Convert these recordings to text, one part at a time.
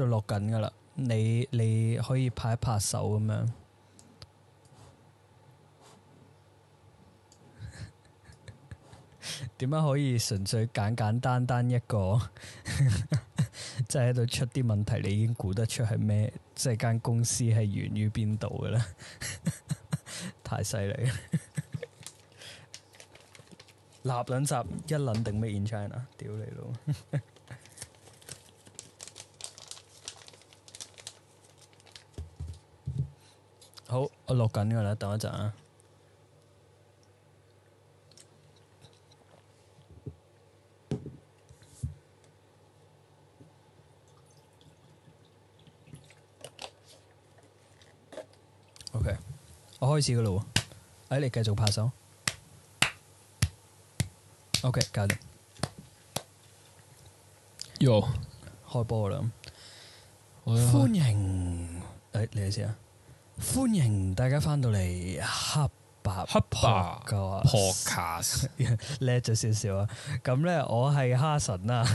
喺度錄緊噶啦，你你可以拍一拍手咁樣，點 樣可以純粹簡簡單單一個，即係喺度出啲問題，你已經估得出係咩？即係間公司係源於邊度嘅啦？ 太犀利啦！立兩集一冷定咩？In China，屌你老母。我錄緊嘅啦，等一陣啊。OK，我開始㗎喇喎，哎，你繼續拍手。OK，搞掂。Yo，開波啦！歡迎，哎，你嚟先。歡迎大家返到嚟合。Papa 黑白嘅啊，podcast 叻咗少少啊，咁咧 Podcast. 我係哈神啊，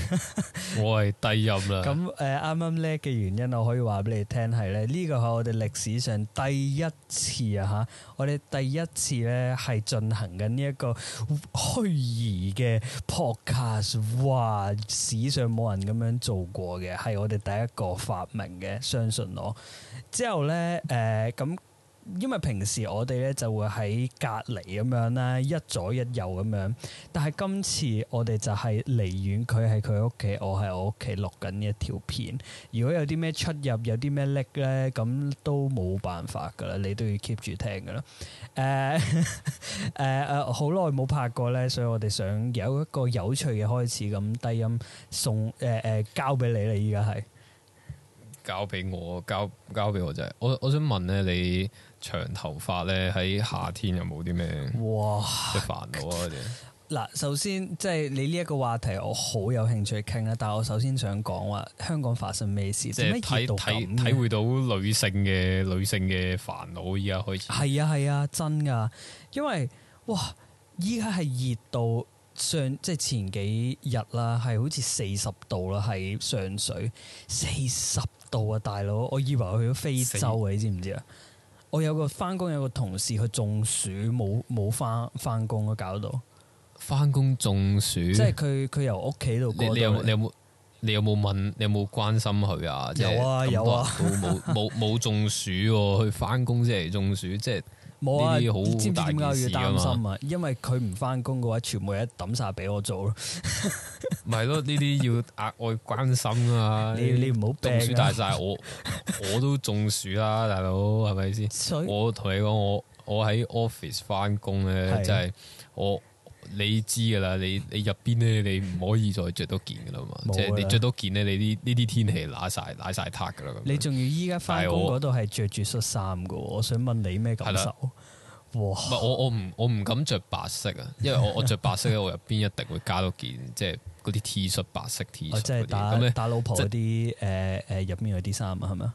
我 係低音啦。咁誒，啱啱叻嘅原因，我可以話俾你聽係咧，呢個係我哋歷史上第一次啊吓，我哋第一次咧係進行緊呢一個虛擬嘅 podcast，哇！史上冇人咁樣做過嘅，係我哋第一個發明嘅，相信我。之後咧，誒、呃、咁。因為平時我哋咧就會喺隔離咁樣啦，一左一右咁樣。但係今次我哋就係離遠，佢喺佢屋企，我喺我屋企錄緊呢一條片。如果有啲咩出入，有啲咩叻咧，咁都冇辦法噶啦，你都要 keep 住聽噶啦。誒誒誒，好耐冇拍過咧，所以我哋想有一個有趣嘅開始，咁低音送誒誒、呃呃，交俾你啦，依家係交俾我，交交俾我啫、就係。我我想問咧，你？長頭髮咧喺夏天有冇啲咩哇煩惱啊？嗱哇，首先即係、就是、你呢一個話題，我好有興趣傾啦。但係我首先想講話香港發生咩事，即係熱到咁，體會到女性嘅女性嘅煩惱。依家開始係啊係啊，真噶！因為哇，依家係熱到上即係、就是、前幾日啦，係好似四十度啦，係上水四十度啊！大佬，我以為我去咗非洲啊，45? 你知唔知啊？我有個翻工有個同事去中暑冇冇翻翻工啊，搞到翻工中暑。即係佢佢由屋企度過。你有你有冇你有冇問你有冇關心佢啊？有啊有啊，冇冇冇中暑喎，去翻工先嚟中暑即係。冇啲好唔知點解要擔心啊？因為佢唔翻工嘅話，全部嘢抌晒俾我做咯。咪係咯？呢啲要額外關心啊！你你唔好中暑大晒，我我都中暑啦，大佬係咪先？所以我同你講，我我喺 office 翻工咧，即係的我。你知噶啦，你你入邊咧，你唔可以再着多件噶啦嘛，即係你着多件咧，你啲呢啲天氣揦晒揦晒塌噶啦。咁你仲要依家翻工嗰度係着住恤衫噶，我想問你咩感受？哇！我我唔我唔敢着白色啊，因為我我着白色咧，我入邊一定會加多件，即係嗰啲 T 恤白色 T 恤嗰啲。打老婆嗰啲誒誒入邊有啲衫啊，係咪？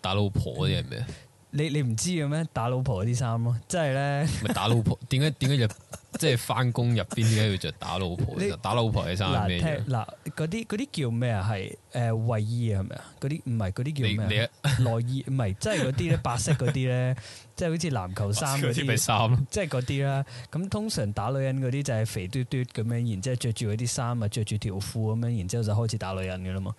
打老婆嗰啲係咩？你你唔知嘅咩？打老婆嗰啲衫咯，即係咧。唔係打老婆，點解點解入？即係返工入邊點解要着打老婆？你打老婆嘅衫嗱嗰啲啲叫咩啊？係誒衛衣啊，係咪啊？嗰啲唔係嗰啲叫咩？內衣唔係，即係嗰啲白色嗰啲咧，即係 好似籃球衫嗰啲衫即係嗰啲啦。咁、 就是、通常打女人嗰啲就係肥嘟嘟咁樣，然之後着住嗰啲衫啊，着住條褲咁樣，然之後就開始打女人噶啦嘛。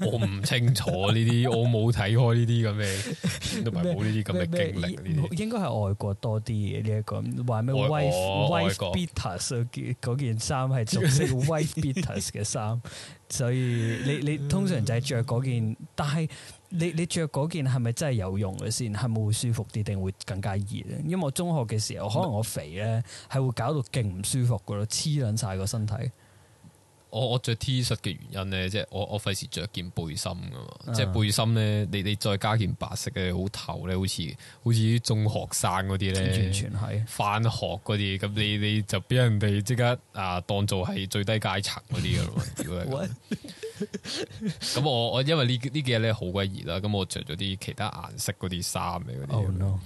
我唔清楚呢啲，我冇睇開呢啲咁嘅，都唔係冇呢啲咁嘅經歷。應該係外國多啲嘅呢一個，話咩我我 Oh, Wife Beaters 嗰件，嗰件衫係俗稱 Wife Beaters 嘅衫，所以你你通常就係着嗰件，但係你你著嗰件係咪真係有用嘅先？係咪會舒服啲定會更加熱？因為我中學嘅時候，可能我肥咧，係會搞到勁唔舒服噶咯，黐撚晒個身體。我我着 T 恤嘅原因咧，即係我我費事着件背心噶嘛，嗯、即係背心咧，你你再加件白色嘅好透咧，好似好似中學生嗰啲咧，完全係翻學嗰啲，咁你你就俾人哋即刻啊當做係最低階層嗰啲噶啦嘛，如果咁我我因為呢呢幾日咧好鬼熱啦，咁我着咗啲其他顏色嗰啲衫嘅嗰啲，oh, no.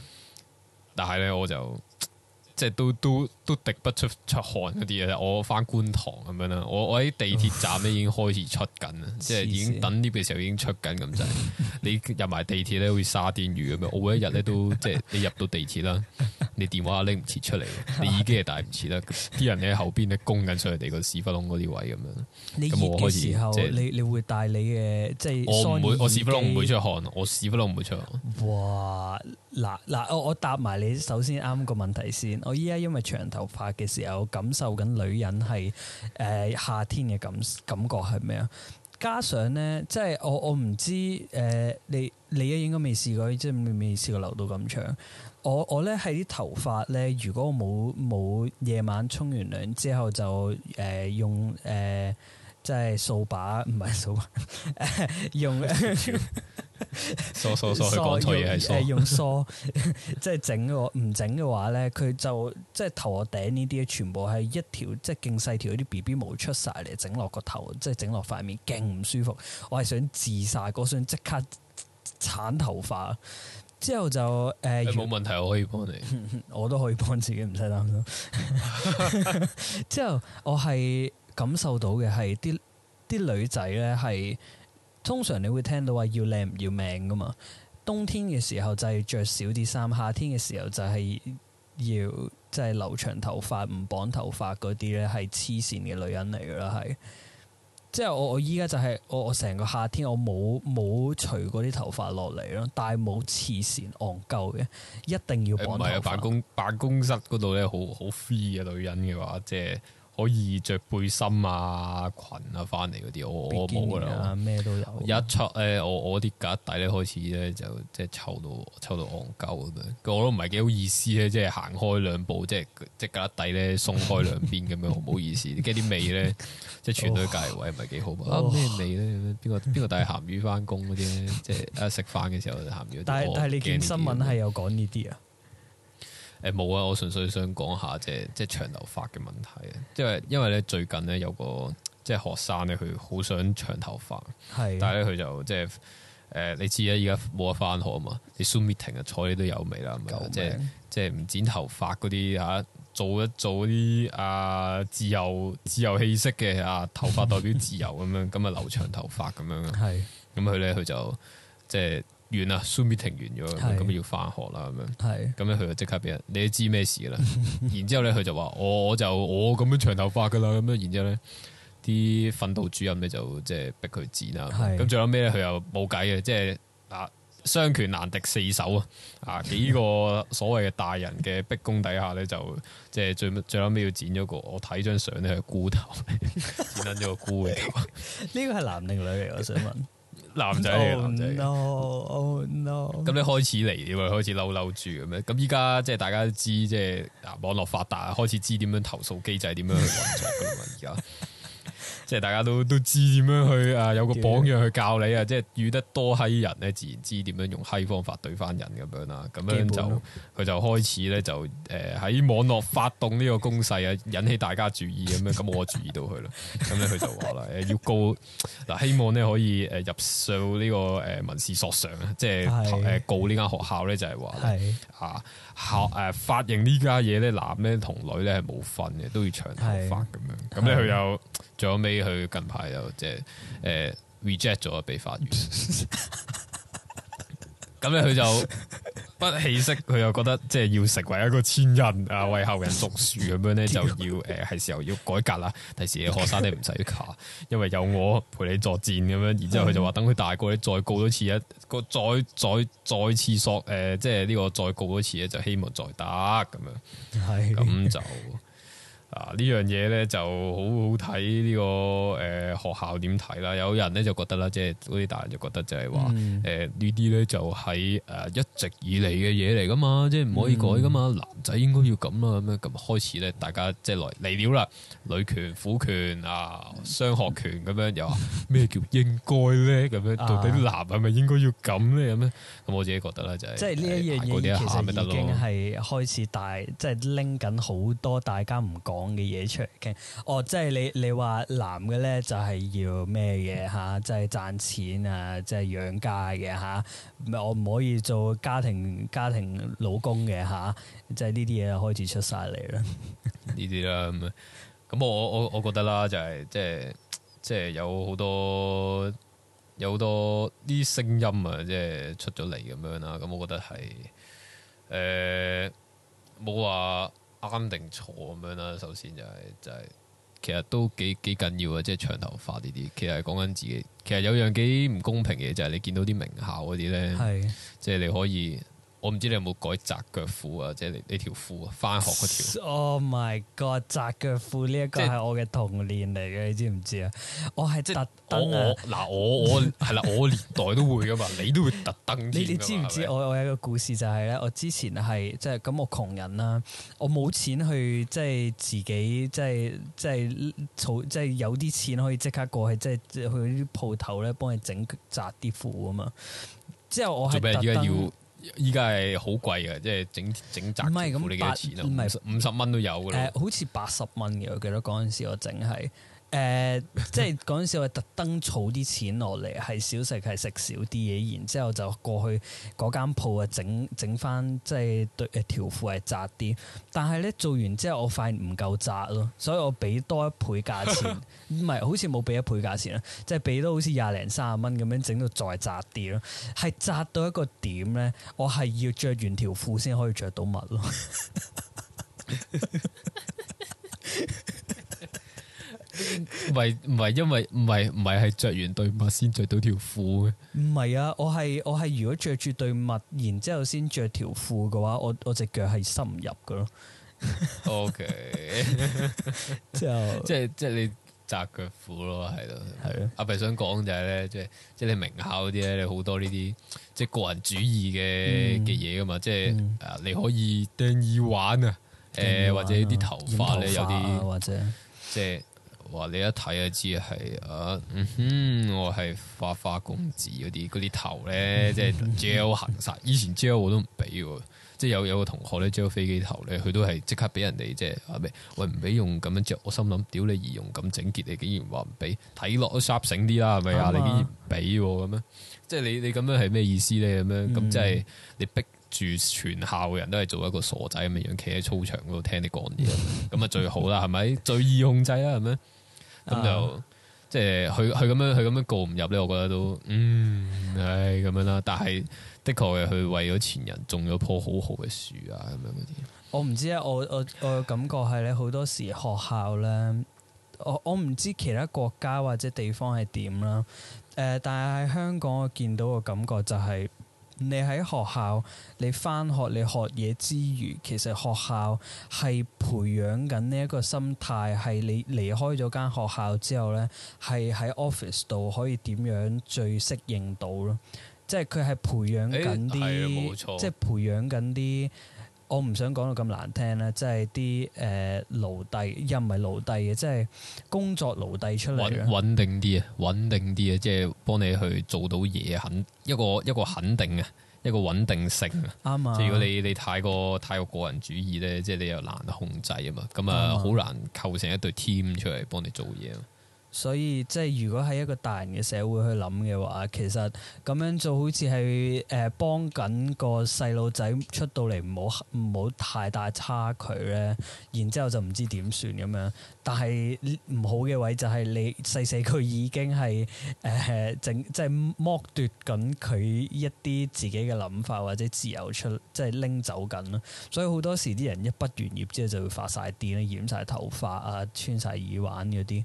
但係咧我就。即係都都都滴不出出汗嗰啲嘢，我翻觀塘咁樣啦，我我喺地鐵站咧已經開始出緊啦， 即係已經等 lift 嘅時候已經出緊咁滯。 你入埋地鐵咧好似沙甸魚咁樣，我每一日咧都即係你入到地鐵啦， 你電話拎唔切出嚟，你耳機係戴唔切啦。啲 人喺後邊咧供緊上嚟， 你個屎忽窿嗰啲位咁樣。咁我熱嘅時候，就是，你你會帶你嘅即係我唔會，我屎忽窿唔會出汗， 我屎忽窿唔會出汗。 嗱嗱，我我答埋你首先啱個問題先。我依家因為長頭髮嘅時候，我感受緊女人係誒、呃、夏天嘅感感覺係咩啊？加上咧，即係我我唔知誒、呃，你你應該未試過，即係未未試過留到咁長。我我咧喺啲頭髮咧，如果我冇冇夜晚沖完涼之後就誒、呃、用誒。呃即係掃把，唔係掃把， 用梳梳梳去講錯嘢，係梳，用梳即係整個唔整嘅話咧，佢就即係、就是、頭我頂呢啲全部係一條即係勁細條嗰啲 B B 毛出晒嚟，整落個頭即係整落塊面勁唔舒服，我係想自殺，我想即刻鏟頭髮，之後就誒冇、呃、問題，果我可以幫你， 我都可以幫自己，唔使擔心。 之後我係。感受到嘅係啲啲女仔咧，係通常你會聽到話要靚唔要命噶嘛。冬天嘅時候就係着少啲衫，夏天嘅時候就係要即係留長頭髮唔綁頭髮嗰啲咧，係黐線嘅女人嚟噶啦，係即係我我依家就係、是、我我成個夏天我冇冇除過啲頭髮落嚟咯，但係冇黐線戇鳩嘅，一定要綁頭髮。唔係、欸、啊，辦公辦公室嗰度咧，好好 free 嘅、啊、女人嘅話，即係。可以着背心啊、裙啊返嚟嗰啲，我冇噶啦。咩、啊、都有一出咧，我我啲格底咧開始咧就即係臭到臭到戇鳩咁樣，我都唔係幾好意思咧，即係行開兩步，就是、即係即係格底咧鬆開兩邊咁樣，好唔好意思？跟啲 味咧即係傳到隔離位，唔係幾好嘛？咩味咧？邊個邊個帶鹹魚返工嗰啲咧？即係一食飯嘅時候，鹹魚但。但係但係，呢件新聞係有講呢啲啊。誒，冇、欸、啊！我純粹想講下即係即係長頭髮嘅問題，即因為因為咧最近咧有個即係學生咧，佢好想長頭髮，啊、但係咧佢就即係誒、呃，你知啦，而家冇得返學啊嘛，你 Zoom meeting 啊，坐你都有味啦，命即係即係唔剪頭髮嗰啲啊，做一做啲啊自由自由氣息嘅啊，頭髮代表自由咁 樣，咁啊留長頭髮咁樣，咁佢咧佢就即係。完啦停完咗，咁是要翻學啦咁樣，咁樣佢就即刻俾人，你都知咩事、 哦哦、啦。然之後咧，佢就話我我就我咁樣長頭髮噶啦，咁樣，然之後咧，啲訓導主任咧就即係逼佢剪啦。咁是最後尾咧，佢又冇計嘅，即係啊，雙拳難敵四手啊，啊幾個所謂嘅大人嘅逼宮底下咧， 就即係最最後尾要剪咗個，我睇張相咧係菇頭，剪緊一個菇頭，呢個係男定女嚟？我想問。 男仔嚟嘅，男仔生，咁你、no, oh no. 開始嚟你會開始嬲嬲住咁樣。咁依家即係大家都知，即係啊網絡發達，開始知點樣投訴機制，點樣去運作噶啦嘛？而家。 即係大家都都知點樣去啊，有個榜樣去教你啊，即係遇得多閪人咧，自然知點樣用閪方法對翻人咁樣啦。咁樣就佢就開始咧就誒喺網絡發動呢個攻勢啊，引起大家注意咁樣。咁我注意到佢啦。咁咧佢就話啦，要告嗱，希望咧可以誒入訴呢個誒民事索償的啊，即係誒告呢間學校咧就係話係啊。考誒髮型呢家嘢咧，男咧同女咧係冇分嘅，都要長頭髮咁樣。咁咧佢又，有的最後尾，佢近排又即係誒 reject 咗，被法院。咁咧佢就。 不氣息，佢又覺得即係要成為一個前人啊，為後人種樹咁樣咧，就要誒係、 呃、時候要改革啦。第時學生你唔使怕，因為有我陪你作戰咁樣。然之後佢就話：等佢大個你再告多次一、呃這個，再再再次索誒，即係呢個再告多次咧，就希望再得咁樣。係咁就。 啊！樣呢樣嘢咧就好好睇呢個誒、呃、學校點睇啦。有人咧就覺得啦，即係嗰啲大人就覺得就係話誒呢啲咧就喺誒一直以嚟嘅嘢嚟噶嘛，即係唔可以改噶嘛。嗯、男仔應該要咁啦、啊，咁樣咁開始咧，大家即係來嚟了啦。女權、婦權啊、商學權咁樣又話咩叫應該咧？咁樣到底男係咪應該要咁咧、啊？咁樣咁我自己覺得啦、就是，就係即係呢一樣嘢其實已經係開始大，即係拎緊好多大家唔講。講嘅嘢出嚟傾，哦，即係你你話男嘅咧就係要咩嘢吓，即係賺錢啊，即係養家嘅吓，唔係我唔可以做家庭家庭老公嘅吓，即係呢啲嘢開始出晒嚟啦，呢啲啦咁，咁我我我覺得啦，就係即係即係有好多有好多啲聲音啊，即係出咗嚟咁樣啦，咁我覺得係誒冇話。呃啱定錯咁樣啦，首先就係就係，其實都幾幾緊要嘅，即係長頭髮呢啲，其實係講緊自己，其實有樣幾唔公平嘅，就係你見到啲名校嗰啲咧，即係是的 你可以。我唔知你有冇改窄腳褲啊？即係呢條褲啊，返學嗰條。Oh my god！窄腳褲呢一個係我嘅童年嚟嘅，即你知唔知啊？我係特登啊！嗱，我我係 啦，我年代都會㗎嘛，你都會特登。 你知唔知我我有一個故事就係、是、咧，我之前係即係咁，就是、我窮人啦，我冇錢去即係自己即係即係儲，即係有啲錢可以即刻過去，即係去啲鋪頭咧幫你整窄啲褲啊嘛。之後我係特登。依家係好貴嘅，即係整整集要付你幾多錢啊？唔係五十蚊都有㗎喇，誒、呃，好似八十蚊嘅，我記得嗰陣時我整係。誒、呃，即係嗰陣時我特登儲啲錢落嚟，係小食係食少啲嘢，然之後就過去嗰間鋪啊，整整翻即係對誒條褲係窄啲。但係咧做完之後，我發現唔夠窄咯，所以我俾多一倍價錢，唔係 好似冇俾一倍價錢啦，即係俾多好似廿零三十蚊咁樣整到再窄啲咯，係窄到一個點咧，我係要着完條褲先可以着到襪咯。 唔係唔係，因為唔係唔係，係着完對襪先着到條褲嘅。唔係啊，我係我係，如果着住對襪，然之後先着條褲嘅話，我我隻腳係伸唔入嘅咯。O K，就即係即係你窄腳褲咯，係咯，係咯。阿平想講就係咧，即係即係你名校啲咧，你好多呢啲即係個人主義嘅嘅嘢噶嘛，即係、嗯嗯、你可以掟耳環啊，誒，或者啲頭髮咧有啲或者即係。話你一睇就知係啊，嗯、我係花花公子嗰啲，嗰啲頭咧，即係 gel 行晒。 以前 gel 我都唔俾，即係有有個同學咧，gel 飛機頭咧，佢都係即刻俾人哋即係咩？喂，唔俾用咁樣啫。我心諗，屌你儀容咁整潔，你竟然話唔俾，睇落都 sharp 醒啲啦，係咪啊？吧你竟然俾咁啊？即係你你咁樣係咩意思咧？咁樣咁即係你逼住全校嘅人都係做一個傻仔咁樣企喺操場嗰度聽你講嘢，咁啊 最好啦，係咪最易控制啊？係咪？咁就、uh oh. 即係佢佢咁樣佢咁樣告唔入咧，我覺得都嗯，唉咁樣啦。但係的確係佢為咗前人種咗棵好好嘅樹啊，咁樣嗰啲。我唔知啊，我我我嘅感覺係咧，好多時學校咧，我我唔知其他國家或者地方係點啦。誒、呃，但係喺香港我見到嘅感覺就係、是。你喺學校，你返學，你學嘢之餘，其實學校係培養緊呢一個心態，係你離開咗間學校之後咧，係喺 office 度可以點樣最適應到咯？即係佢係培養緊啲，欸、即係培養緊啲。我唔想講到咁難聽咧，即係啲誒奴隸又唔係奴隸嘅，即係工作奴隸出嚟嘅，穩定啲啊，穩定啲啊，即係幫你去做到嘢，肯一個一個肯定啊，一個穩定性啊，啱啊、嗯。嗯、即係如果你你太過太過個人主義咧，即係你又難得控制啊嘛，咁啊好難構成一隊 team 出嚟幫你做嘢。所以即係如果喺一個大人嘅社會去諗嘅話，其實咁樣做好似係誒幫緊個細路仔出到嚟唔好唔好太大差距咧，然之後就唔知點算咁樣。但係唔好嘅位就係你細細個已經係誒、呃、整即係剝奪緊佢一啲自己嘅諗法或者自由出，即係拎走緊咯。所以好多時啲人一畢完業之後就會發晒癲咧，染晒頭髮啊，穿晒耳環嗰啲。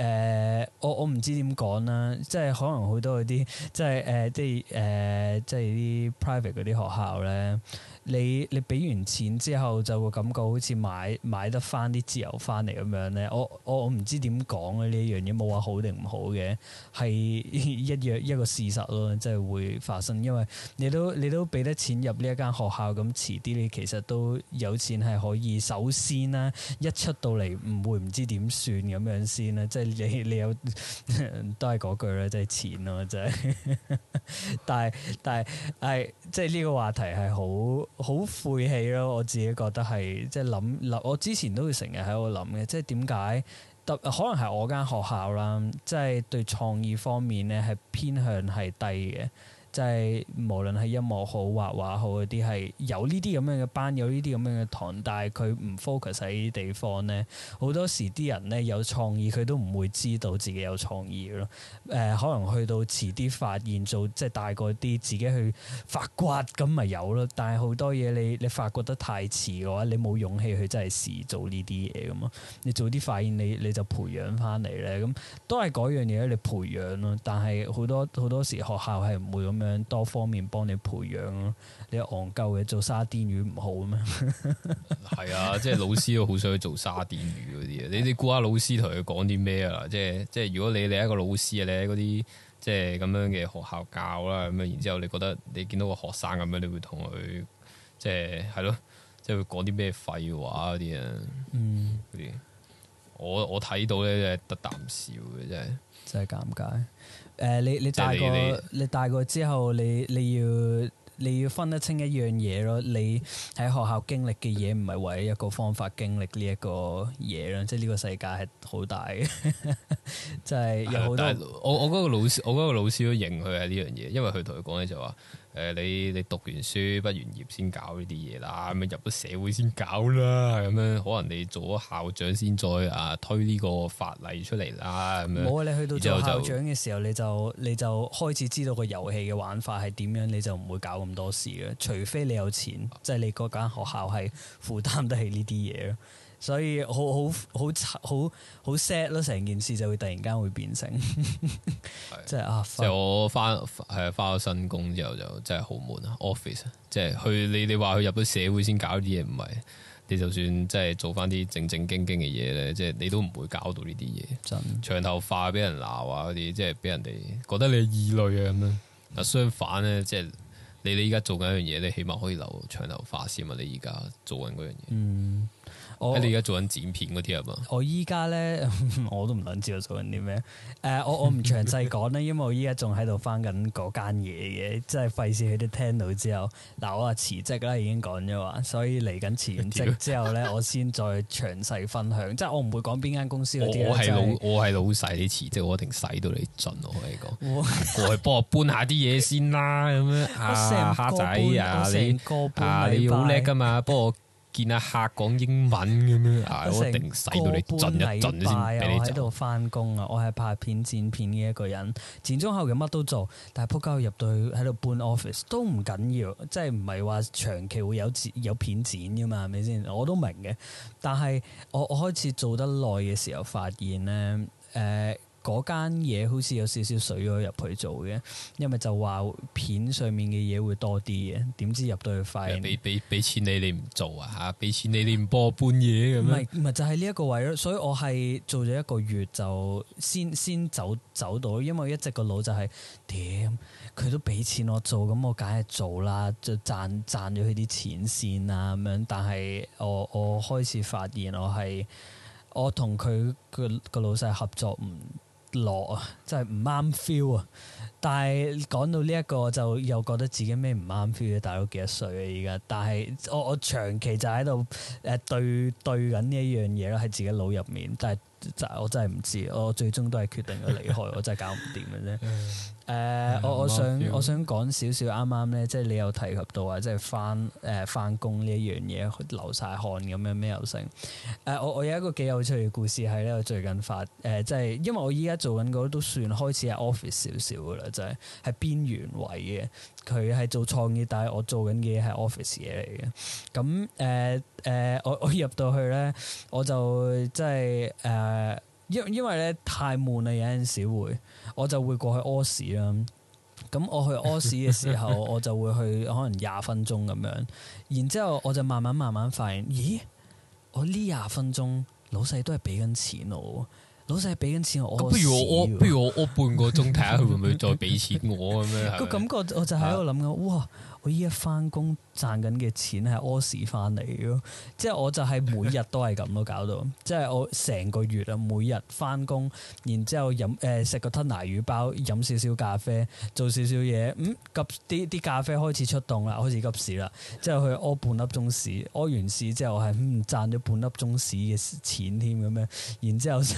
誒、呃、我我唔知點講啦，即係可能好多嗰啲即係誒即係誒即係啲 private 嗰啲學校咧。你你俾完錢之後就會感覺好似買買得翻啲自由翻嚟咁樣咧，我我我唔知點講啊，呢一樣嘢冇話好定唔好嘅，係一樣一個事實咯，即係會發生。因為你都你都俾得錢入呢一間學校咁，遲啲你其實都有錢係可以首先啦，一出到嚟唔會唔知點算咁樣先啦。即係你你有都係嗰句啦，即係錢咯，即係。 但係但係係即係呢個話題係好。好晦氣咯！我自己覺得係即係諗諗，我之前都會成日喺度諗嘅，即係點解特可能係我間學校啦，即係對創意方面咧係偏向係低嘅。即係無論係音樂好、畫畫好啲，係有呢啲咁樣嘅班，有呢啲咁樣嘅堂，但係佢唔 focus 喺呢啲地方咧。好多時啲人咧有創意，佢都唔會知道自己有創意咯。誒、呃，可能去到遲啲發現做，即係大個啲自己去發掘，咁咪有咯。但係好多嘢你你發掘得太遲嘅話，你冇勇氣去真係試做呢啲嘢噶嘛？你早啲發現你你就培養翻嚟咧，咁都係嗰樣嘢你培養咯。但係好多好多時學校係唔會咁樣。多方面幫你培養咯，你憨鳩嘅做沙甸魚唔好嘛？係 啊，即係老師都好想去做沙甸魚嗰啲啊！你你估下老師同佢講啲咩啊？即係即係如果你你一個老師啊，你喺嗰啲即係咁樣嘅學校教啦，咁啊，然之後你覺得你見到個學生咁樣，你會同佢即係係咯，即係會講啲咩廢話嗰啲啊？嗯，嗰啲我我睇到咧，即係得啖笑嘅，真係真係尷尬。誒、呃，你你大個，你大個之後，你你要你要分得清一樣嘢咯。你喺學校經歷嘅嘢，唔係為一個方法經歷呢一個嘢咯。即係呢個世界係好大嘅，即 係有好多我。我我嗰個老師，我嗰個老師都認佢係呢樣嘢，因為佢同佢講咧就話。誒、呃、你你讀完書畢完業先搞呢啲嘢啦，咁、嗯、樣入咗社會先搞啦，咁、嗯、樣。可能你做咗校長先再啊推呢個法例出嚟啦，咁、嗯、樣。冇啊！你去到做校長嘅時候，就你就你就開始知道個遊戲嘅玩法係點樣，你就唔會搞咁多事嘅。除非你有錢，即係、嗯、你嗰間學校係負擔得起呢啲嘢咯。所以好好好好，好 sad 咯，成件事就會突然間會變成， 是 即係啊！即係我翻係翻咗新工之後就真係好悶啊，office 即係去你你話去入咗社會先搞啲嘢，唔係你就算真係做翻啲正正經經嘅嘢咧，即係你都唔會搞到呢啲嘢。真的長頭髮俾人鬧啊嗰啲，即係俾人哋覺得你異類啊咁樣。啊。嗯。相反咧，即係你哋依家做緊一樣嘢，你起碼可以留長頭髮先啊！你依家做緊嗰樣嘢。嗯。我你而家做緊剪片嗰啲係嘛？我依家咧，我都唔想知道做緊啲咩。誒，我我唔詳細講咧，因為我依家仲喺度翻緊嗰間嘢嘅，即係費事佢都聽到之後。嗱，我話辭職啦，已經講咗話，所以嚟緊辭完職之後咧，樣我先再詳細分享。 即係我唔會講邊間公司嗰啲。我我係老我係老細你辭職，我一定使到你盡，我可以講。 我過去幫我搬下啲嘢先啦，咁樣啊，蝦仔啊，你啊，你好叻噶嘛，幫我。見阿客講英文咁樣、 啊，一定使到你震一震先。喺度返工啊，我係拍片剪片嘅一個人，前中後嘅乜都做，但係撲街入到去喺度搬 office 都唔緊要，即係唔係話長期會有有片剪噶嘛？係咪先？我都明嘅，但係我我開始做得耐嘅時候，發現咧，誒、呃。嗰間嘢好似有少少水咗入去做嘅，因為就話片上面嘅嘢會多啲嘅，點知入到去發現俾俾俾錢你你唔做啊嚇！俾錢你你唔幫我搬嘢咁。唔係咪就係呢一個位咯，所以我係做咗一個月就先先走走到，因為一直個腦就係點佢都俾錢我做，咁我梗係做啦，就賺賺咗佢啲錢先啊咁樣。但係我我開始發現我係我同佢個個老細合作唔落啊，真係唔啱 feel 啊！但係講到呢一個，就又覺得自己咩唔啱 feel，大佬幾多歲啊？而家，但係我我長期就喺度誒對對緊呢一樣嘢咯，喺自己腦入面。但係真我真係唔知，我最終都係決定咗離開， 我真係搞唔掂嘅啫。 誒，我、uh, Yeah, 我想 I 我想講少少啱啱咧，即係、就是、你有提及到啊，即係返誒返工呢一樣嘢流晒汗咁樣咩又成？誒、呃，我我有一個幾有趣嘅故事係咧，我最近發誒，即、呃、係、就是、因為我依家做緊嗰都算開始係 office 少少嘅啦，就係、是、係邊緣位嘅，佢係做創意，但係我做緊嘅嘢係 office 嘢嚟嘅。咁誒誒，我我入到去咧，我就即係誒。就是呃因因為咧太悶啦，有陣時會，我就會過去屙屎啦。咁我去屙屎嘅時候， 我就會去可能廿分鐘咁樣，然之後我就慢慢慢慢發現，咦，我呢廿分鐘老細都係俾緊錢我，老細俾緊錢我，我，我。不如我屙，不如我屙半個鐘睇下佢會唔會再俾錢我咁樣。 是是個感覺我就喺度諗緊，哇！我依家翻工。賺緊嘅錢係屙屎翻嚟咯，即係我就係每日都係咁咯， 搞到即係我成個月啊，每日翻工，然之後飲誒食個吞拿魚包，飲少少咖啡，做少少嘢，嗯，啲啲咖啡開始出洞出動啦，開始急屎啦，之後去屙半粒鐘屎，屙完屎之後係唔、嗯、賺咗半粒鐘屎嘅錢添咁樣，然之後就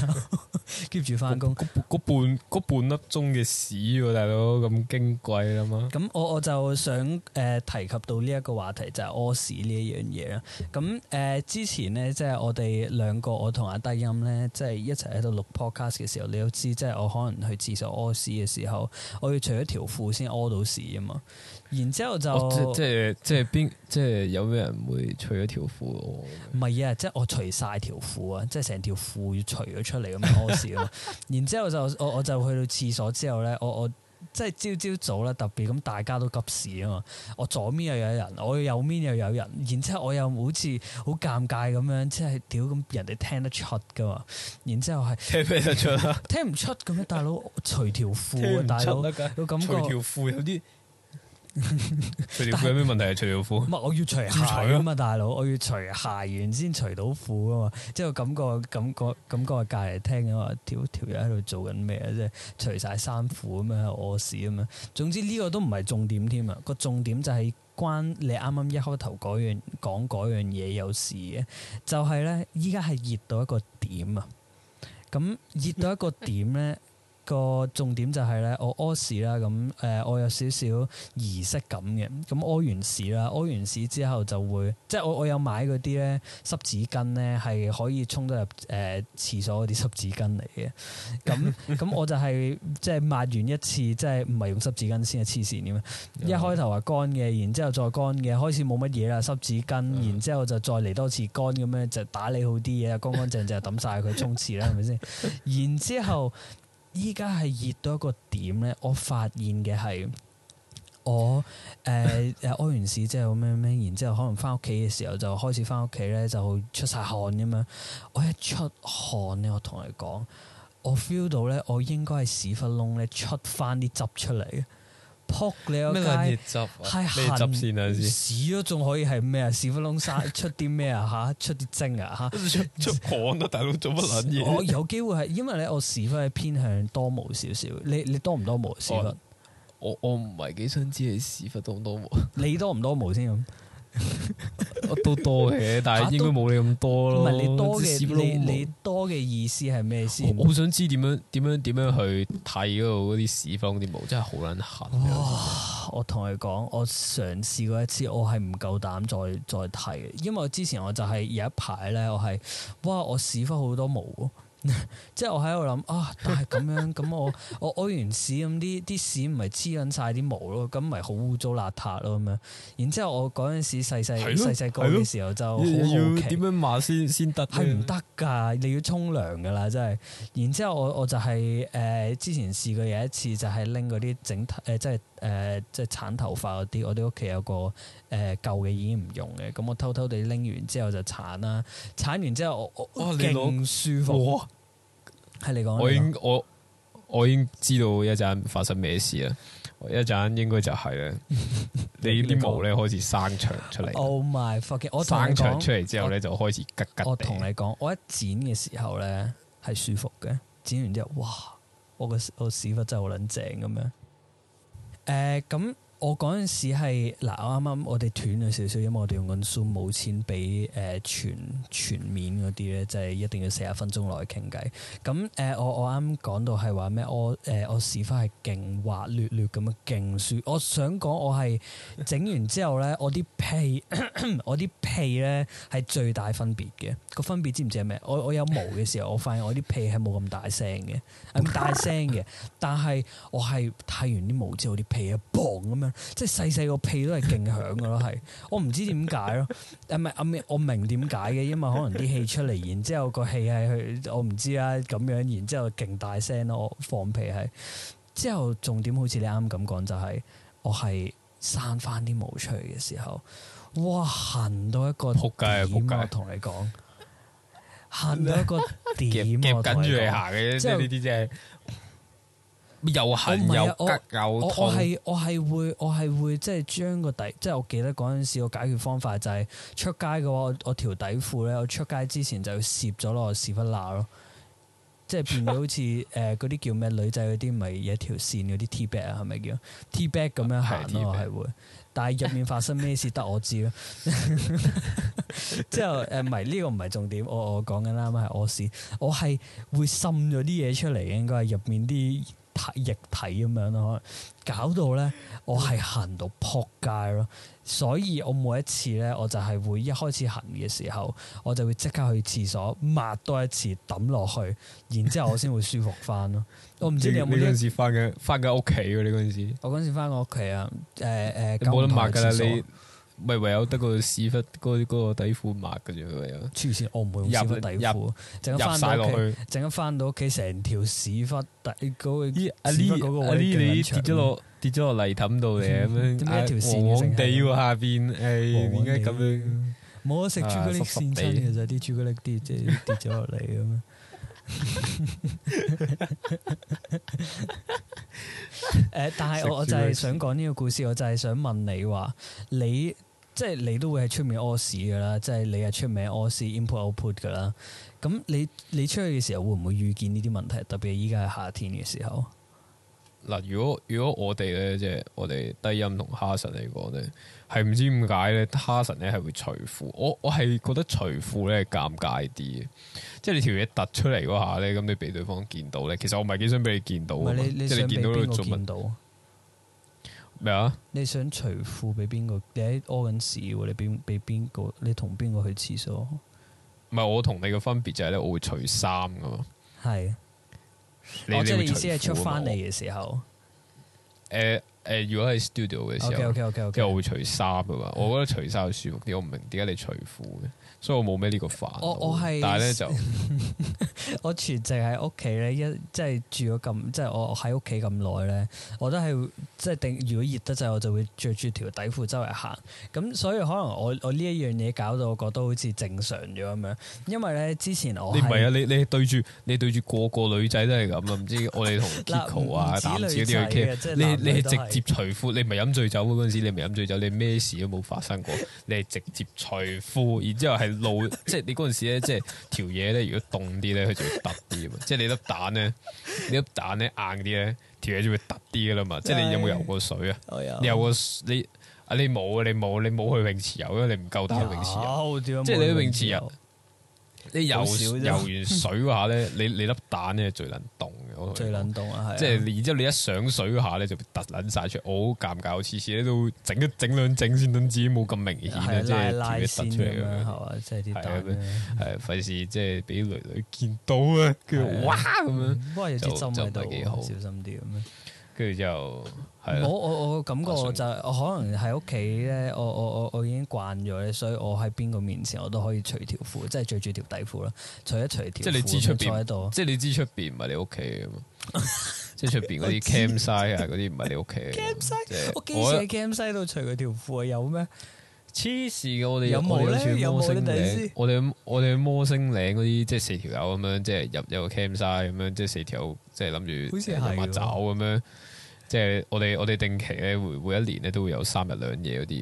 keep 住翻工。嗰 半半粒鐘嘅屎喎，大佬咁矜貴啦、啊、嘛？咁我我就想誒、呃、提及到呢、這、一個。話題就係屙屎呢一樣嘢啦，咁誒、呃、之前咧，即係我哋兩個，我同阿低音咧，即係一齊喺度錄 podcast 嘅時候，你都知，即係我可能去廁所屙屎嘅時候，我要除咗條褲先屙到屎啊嘛，然之後就即即即係邊即係有咩人會除咗條褲？唔係啊，即係我除晒條褲啊，即係成條褲要除咗出嚟咁屙屎咯， 然之後就我我就去到廁所之後咧，我我。我即係朝朝早啦，特別咁大家都急屎啊嘛。我左面又有人，我右面又有人，然之後我又好似好尷尬咁樣，即係屌咁人哋聽得出㗎嘛。然之後係聽得出啦？聽唔出咁樣，大佬除條褲大佬都有感覺，除條褲有啲。除條褲有咩問題啊？除條褲，唔係我要除鞋咁啊，大佬，我要除鞋， 鞋完先除到褲啊嘛。即係 感覺感覺感覺隔籬聽嘅話，條條友喺度做緊咩啊？即係除晒衫褲咁樣喺度屙屎咁樣。總之呢個都唔係重點添啊。個重點就係關你啱啱一開頭嗰樣講嗰樣嘢有事嘅，就係咧，依家係熱到一個點啊！咁熱到一個點咧。 個重點就係咧，我屙屎啦，咁誒，我有少少儀式感嘅，咁屙完屎啦，屙完屎之後就會，即係我我有買嗰啲咧濕紙巾咧，係可以沖得入誒廁所嗰啲濕紙巾嚟嘅，咁咁我就係即係抹完一次，即係唔係用濕紙巾先係黐線嘅咩？一開頭話乾嘅，然之後再乾嘅，開始冇乜嘢啦，濕紙巾，然之後就再嚟多次乾咁樣，就打理好啲嘢，乾乾淨淨抌晒佢沖廁啦，係咪先？然之後。依家係熱到一個點咧，我發現嘅係我誒誒屙完屎之後咩咩，然之後可能翻屋企嘅時候就開始翻屋企咧就出晒汗咁樣，我一出汗咧，我同你講，我 feel 到咧，我應該係屎忽窿咧出翻啲汁出嚟。撲你個街，係痕屎咗仲可以係咩啊？屎忽窿生出啲咩啊？吓 出啲精啊？吓，出汗都大佬做乜撚嘢？我、哦、有機會係，因為咧我屎忽係偏向多毛少少。你你多唔多毛屎忽？我我唔係幾想知你屎忽多唔多毛？你多，毛你多唔多毛先？ 都多嘅，但係應該冇你咁多咯。唔係、啊、你多嘅，你你多嘅意思係咩先？我好想知點樣點樣點樣去剃嗰度嗰啲屎忽啲毛，真係好卵痕。哇、哦！我同你講，我嘗試過一次，我係唔夠膽再再剃嘅，因為我之前我就係有一排咧，我係哇我屎忽好多毛。 即係我喺度諗啊，但係咁樣咁我 我我屙完屎咁啲啲屎唔係黐緊晒啲毛咯，咁咪好污糟邋遢咯咁樣。 然之後我嗰陣時細細細細個嘅時候就好奇，點樣抹先先得？係唔得噶，你要沖涼噶啦，真係。然之後我我就係、是、誒、呃、之前試過有一次就係拎嗰啲整誒即係。呃就是誒、呃，即係鏟頭髮嗰啲，我哋屋企有個誒、呃、舊嘅已經唔用嘅，咁我偷偷地拎完之後就鏟啦。鏟完之後我，我我勁舒服。係我你講，我應我已應知道一陣發生咩事啦。一陣應該就係、是、咧， 你啲的毛咧開始生長出嚟。 Oh my、fucking, 我生長出嚟之後咧我就開始吉吉，我同你講，我一剪嘅時候咧係舒服嘅，剪完之後，哇！我個我屎忽真係好撚正咁樣。誒咁、呃呃，我嗰陣時係嗱，我啱啱我哋斷咗少少，因為我哋用緊 Zoom 冇錢俾誒、呃、全全面嗰啲咧，即、就、係、是、一定要四十分鐘來傾偈。咁、呃、誒，我我啱講到係話咩？我誒我屎忽係勁滑捋捋咁樣勁舒。我想講我係整完之後咧，我啲屁 我啲屁咧係最大分別嘅。個分別知唔知係咩？我我有毛嘅時候，我發現我啲屁係冇咁大聲嘅，係咁 大聲嘅。但係我係剃完啲毛之後，啲屁一磅咁樣，即係細細個屁都係勁響噶咯。係我唔知點解咯，係咪、 啊啊、我明點解嘅？因為可能啲氣出嚟，然之後個氣係去，我唔知啦咁、啊、樣。然之後勁大聲咯，我放屁係。之後重點好似你啱啱咁講，就係我係生翻啲毛出嚟嘅時候，哇，痕到一個撲街啊！撲街，同你講。行到一個點，跟住你行嘅啫，即呢啲即係又厚又窄，我係我係會我係會即係將個底， 即係我記得嗰陣時個解決方法就係、是、出街嘅話，我我條底褲咧，我出街之前就要攝咗落，屎忽喇咯，即係 變咗好似誒嗰啲叫咩女仔嗰啲，咪有一條線嗰啲、e te e、bag T back 啊，係咪叫 T back 咁樣行咯，係會。但係入面發生咩事得我知咯， 之後誒，唔係呢個唔係重點，我我講緊啦，咪係屙屎。我係會滲咗啲嘢出嚟，應該係入面啲體液體咁樣咯，搞到咧我係行到撲街咯，所以我每一次咧我就係會一開始行嘅時候，我就會即刻去廁所抹多一次抌落去，然之後我先會舒服翻咯。 我唔知你有冇陣時翻嘅翻嘅屋企喎，你嗰陣時。我嗰陣時翻過屋企啊，誒誒。冇得抹噶啦，你咪唯有得個屎忽嗰個底褲抹嘅啫喎。黐線，我唔會用屎忽底褲。陣間翻到屋企，陣間翻到屋企，成條屎忽底嗰個屎忽嗰個位跌咗落跌咗落泥氹度嚟咁樣。黃黃地下邊，誒點解咁樣？冇得食朱古力線親，其實啲朱古力跌即跌咗落嚟咁樣。誒、 呃，但係我我就係想講呢個故事， 我就係想問你話，你即係你都會喺出面屙屎噶啦，即係你係、就是、出名屙屎 input output 噶啦，咁你你出去嘅時候會唔會遇見呢啲問題？特別係而家係夏天嘅時候。嗱，如果如果我哋咧，即係我哋低音同哈神嚟講咧，係唔知點解咧，哈神咧係會除褲，我我係覺得除褲咧尷尬啲嘅，即係你條嘢突出嚟嗰下咧，咁你俾對方見到咧，其實我唔係幾想俾你,你,你,你見到即係你見到做乜到？咩啊？你想除褲俾邊個？你喺屙緊屎喎？你俾俾邊個？你同邊個去廁所？唔係我同你嘅分別就係咧，我會除衫噶嘛。係。我即係意思係出翻嚟嘅時候，誒誒、呃呃，如果喺 studio 嘅時候，即係、okay, okay, okay, okay。我會除衫噶嘛，我覺得除衫會舒服啲、嗯，我唔明點解你除褲嘅？所以我冇咩呢個煩惱，我我係，但係咧就我全職喺屋企咧，一即係住咗咁，即係我喺屋企咁耐咧，我都係即係定。如果熱得滯，我就會着住條底褲周圍行。咁所以可能我我呢一樣嘢搞到我覺得好似正常咗咁樣。因為咧之前我你唔係啊，你你對住你對住個個女仔都係咁啊，唔知我哋同 Kiko 啊、打字嗰啲去傾你你係直接除褲，你唔係飲醉酒嗰陣時，你唔係飲醉酒，你咩事都冇發生過，你係直接除褲，然之後係。路 即係你嗰陣時咧，即係條嘢咧，如果凍啲咧，佢就會凸啲啊！即係你粒蛋咧，你粒蛋咧硬啲咧，條嘢就會凸啲噶啦嘛！即係你有冇游過水啊？哎、有你游過你啊？你冇啊？你冇你冇去泳池游，因為你唔夠膽泳池游。即係你啲泳池游。你游游完水嗰下咧，你你粒蛋咧最能凍嘅，最能凍啊！即係，然之後你一上水嗰下咧，就突甩晒出，好尷尬！次次咧都整一整兩整先，等自己冇咁明顯即係出嚟即係啲蛋，係費事即係俾女女見到啊！跟住哇咁樣，不過有啲心態幾好，小心啲咁樣。跟住就，我我我感覺就係我可能喺屋企咧，我我我我已經慣咗咧，所以我喺邊個面前我都可以除條褲，即係着住條底褲咯，除一除條。即係你知出邊度，即係你知出邊唔係你屋企嘅，即係出邊嗰啲 campsite 啊，嗰啲唔係你屋企嘅。campsite，我幾時喺 campsite 度除佢條褲啊有咩？黐線嘅，我哋有冇哋入魔，我哋我哋摩星嶺嗰啲即係四條友咁樣，即係入有個 campsite 咁樣，即係四條友即係諗住好似咁樣。即係我哋我哋定期咧，每每一年咧都會有三日兩夜嗰啲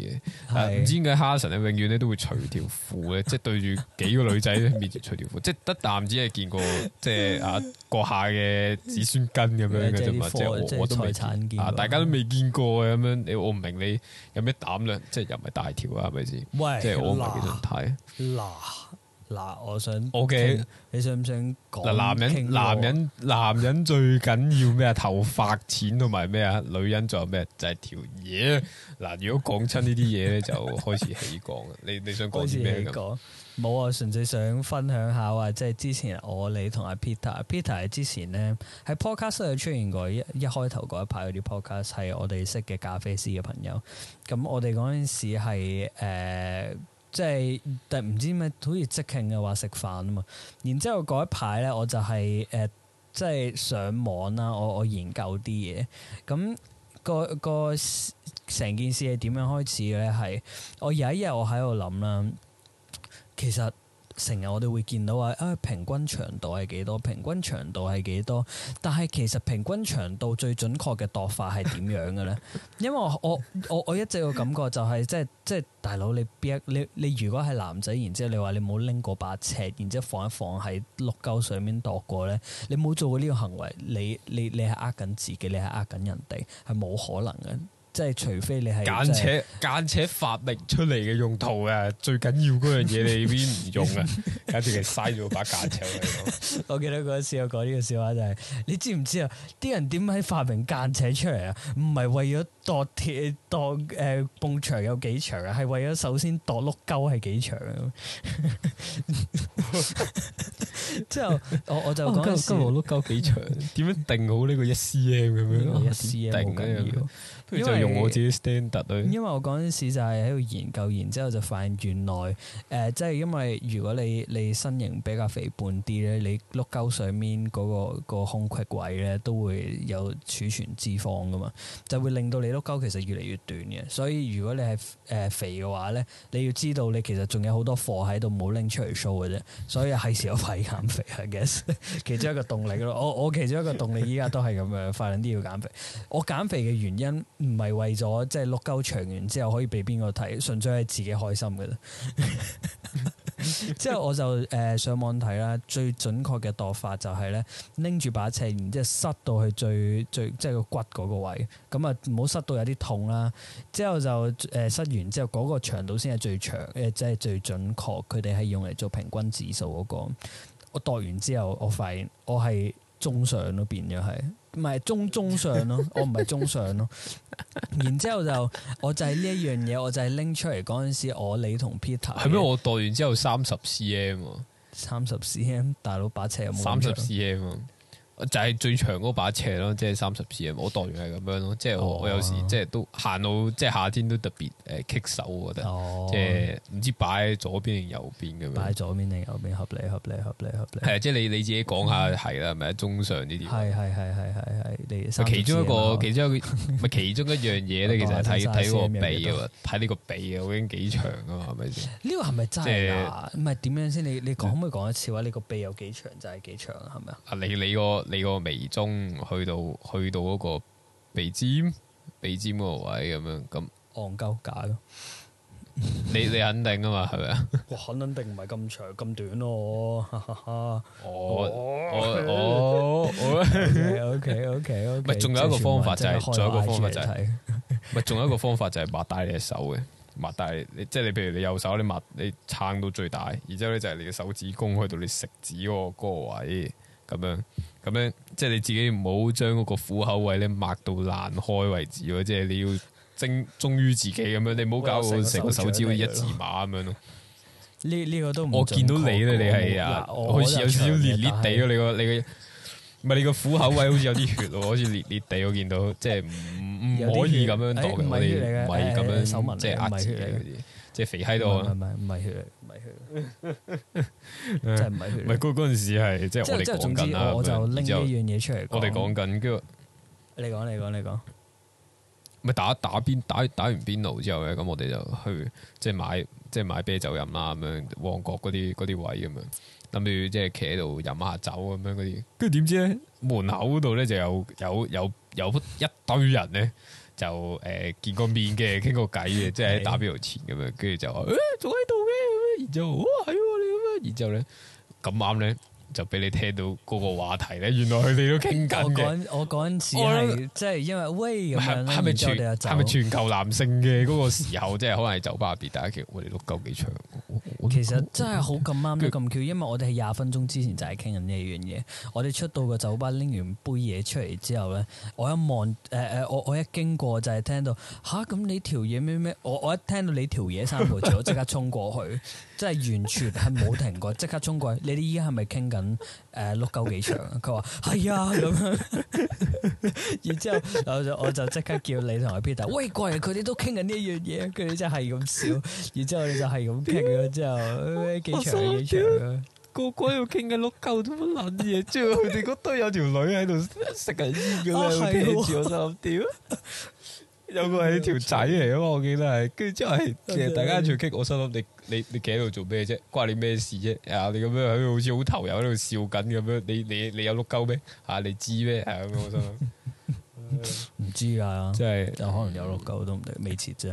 嘢。唔知點解哈神咧永遠都會除條褲咧，即係 對住幾個女仔面前除條褲，即係得啖只係見過即係、就是、啊閣下嘅子孫根咁樣嘅啫嘛，即係我，我都未啊，大家都未見過咁樣，我唔明你有咩膽量，即係又唔係大條啊，係咪先？即係我唔係幾想睇。嗱，我想，O Okay . K，你想唔想講？嗱，男人，聊男人， 男人最緊要咩啊？頭髮錢同埋咩啊？女人仲有咩？就係條嘢。嗱，如果講親呢啲嘢咧，就開始起講。 你你想講啲咩？冇啊，純粹想分享下啊，即係之前我你同阿 Peter，Peter 之前咧喺 podcast 有出現過，一一開頭嗰一排嗰啲 podcast 係我哋識嘅咖啡師嘅朋友。咁我哋嗰陣時係即係，但唔知咩，好似即興嘅話食飯啊嘛。然之後、就是，嗰一排咧，我就係誒，即係上網啦，我我研究啲嘢。咁、那個個成件事係點樣開始嘅咧？係我有一日我喺度諗啦，其實。成日我哋會見到話，誒、哎，平均長度係幾多？平均長度係幾多？但係其實平均長度最準確嘅度法係點樣嘅咧？ 因為我我我一直嘅感覺就係、是、即係即係大佬你你你如果係男仔，然之後你話你冇拎過把尺，然之後放一放喺碌鳩上面度過咧，你冇做過呢個行為，你你你係呃緊自己，你係呃緊人哋，係冇可能嘅。即係，除非你係間尺間尺發明出嚟嘅用途啊，最緊要嗰樣嘢你邊唔用啊，簡直係嘥咗把間尺。 我記得嗰陣時我講呢個笑話就係、是，你知唔知啊？啲人點喺發明間尺出嚟啊？唔係為咗度鐵度誒，埲、呃、牆有幾長，長啊？係為咗首先度碌鳩係幾長啊？ 之後我我就講，度碌鳩幾長？點樣定好呢個一 cm 咁樣？一 cm 好緊要。因為我嗰陣時就係喺度研究，然之後就發現原來誒，即、呃、係、就是、因為如果你你身形比較肥胖啲咧，你碌鳩上面嗰、那個、那個胸廓位咧都會有儲存脂肪噶嘛，就會令到你碌鳩其實越嚟越短嘅。所以如果你係誒、呃、肥嘅話咧，你要知道你其實仲有好多貨喺度，冇拎出嚟 show 嘅啫。所以係時候快減肥係，其 其中一個動力咯。我我其中一個動力依家都係咁樣 快啲要減肥。我減肥嘅原因。唔係為咗，即係碌鳩長完之後可以俾邊個睇，純粹係自己開心嘅啫。 之後我就誒、呃、上網睇啦，最準確嘅度法就係咧，拎住把尺，然之後塞到去最最即係個骨嗰個位。咁啊，唔好塞到有啲痛啦。之後就誒、呃、塞完之後，嗰、嗰個長度先係最長誒，即、就、係、是、最準確。佢哋係用嚟做平均指數嗰、嗰個。我度完之後，我發現我係。中上咯，變咗係，唔係中中上咯，啊， 我唔係中上咯，啊。然之後就，我就係呢一樣嘢，我就係拎出嚟嗰陣時我，我你同 Peter 係咩？我度完之後三十 cm，三，啊、十 cm，大佬把車有冇三十 cm 啊？就係最長嗰把尺咯，即係三十 cm，我當完係咁樣咯。即係我有時即係都行到，即係夏天都特別誒棘手，我覺得。即係唔知擺喺左邊定右邊咁樣。擺左邊定右邊合理合理合理合理。即係你你自己講下係啦，係咪中上呢啲。係係係係係係你。咪其中一個，其中一咪其中一樣嘢咧，其實係睇睇個鼻啊，睇呢個鼻啊，究竟幾長啊嘛，係咪先？呢個係咪真㗎？唔係點樣先？你你講可唔可以講一次話？你個鼻有幾長就係幾長，係咪啊？啊你你個。你個眉中去到去到嗰個鼻尖鼻尖個位咁樣咁，憨鳩、嗯、假咯。你你肯定啊嘛，係咪啊？我肯定唔係咁長咁短咯。我我我 OK OK OK, okay。唔係，仲有一個方法就係、是，仲有一個方法就係、是，唔係，仲有一個方法就係擘大你隻手嘅，擘大你即係你，就是、譬如你右手你，你抹你撐到最大，然之後咧就係你嘅手指公去到，你食指嗰個位咁樣。咁樣，即係你自己唔好將嗰個虎口位咧抹到爛開為止咯，即係你要精忠於自己咁樣，你唔好搞到成個，個手指好似一字馬咁樣咯。呢呢個、欸這個都我見到你咧，你係啊，好似有少少裂裂地咯，你個你個，唔係你個虎口位好似有啲血咯， 好似裂裂地我見到，即係唔唔可以咁樣度嘅，唔係咁樣即係壓住嘅啲。即係肥喺度唔係唔唔係血，唔係血，真係唔係血。唔係嗰嗰陣時係即係我哋講緊啦。我就拎呢樣嘢出嚟。我哋講緊，跟住你講你講你講。唔係打打邊打打完邊爐之後咧，咁我哋就去即係、就是、買即係、就是、買啤酒飲啦，咁樣旺角嗰啲啲位咁樣，諗住即係企喺度飲下酒咁樣嗰啲。跟住點知咧，門口度咧就有有有有一堆人咧。就誒、呃、見過面嘅傾過偈嘅， 即係打表前咁樣，跟住 就話誒仲喺度咩？欸咁、啊、樣，然之後哇係你咁樣，然之後咧咁啱咧。就俾你聽到嗰個話題咧，原來佢哋都傾緊。我嗰陣時，即係因為喂咁樣，我哋係咪全球男性嘅嗰個時候， 即係可能喺酒吧入邊，大家其實我哋碌鳩幾長。其實真係好咁啱咁巧，因為我哋係廿分鐘之前就係傾緊呢樣嘢。我哋出到個酒吧拎完杯嘢出嚟之後咧，我一望誒誒，我、呃、我一經過就係聽到吓，咁你條嘢咩咩？我我一聽到你條嘢三倍咗，即刻衝過去，即係 完全係冇停過，即刻衝過去。你哋依家係咪傾緊？誒，碌鳩、呃、幾長？佢話係啊，咁樣 然。然之後我就我就即刻叫你同阿 B 就喂，怪啊！佢哋都傾緊呢一樣嘢，佢哋真係咁笑，啊。然之後你就係咁傾咗之後幾長幾長。個個喺度傾緊碌鳩咁難嘅嘢，即係佢哋嗰堆有條女喺度食緊煙咁樣，住我心屌。有個係條仔嚟啊！我記得係，跟住之後係，大家一齊棘我心諗：你你你企喺度做咩啫？關你咩事啫？啊！你咁樣喺度好似好投入喺度笑緊咁樣，你你你有碌鳩咩？吓、啊、你知咩？係咁，我心諗唔 知啊！即係、就是、可能有碌鳩都唔定，未知啫。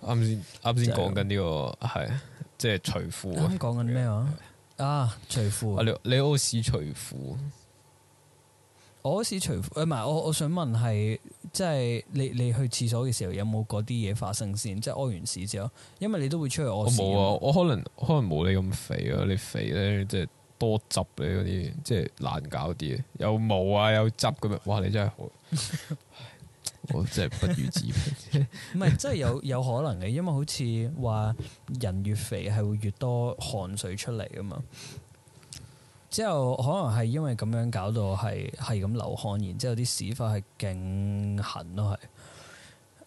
啱先啱先講緊呢個係，即係除褲。講緊咩話啊？除褲。你你屙屎除褲，我屙屎除褲。誒，唔係，我我想問係。即係你你去廁所嘅時候有冇嗰啲嘢發生先？即係屙完屎之後，因為你都會出去屙屎。我冇啊，我可能我可能冇你咁肥啊，你肥咧即係多汁你嗰啲，即係難搞啲啊。有毛啊，有汁咁啊！哇，你真係好， 我真係不如自肥。唔係，真係有有可能嘅，因為好似話人越肥係會越多汗水出嚟㗎嘛。之後可能係因為咁樣搞到係係咁流汗，然之後啲屎忽係勁痕咯，係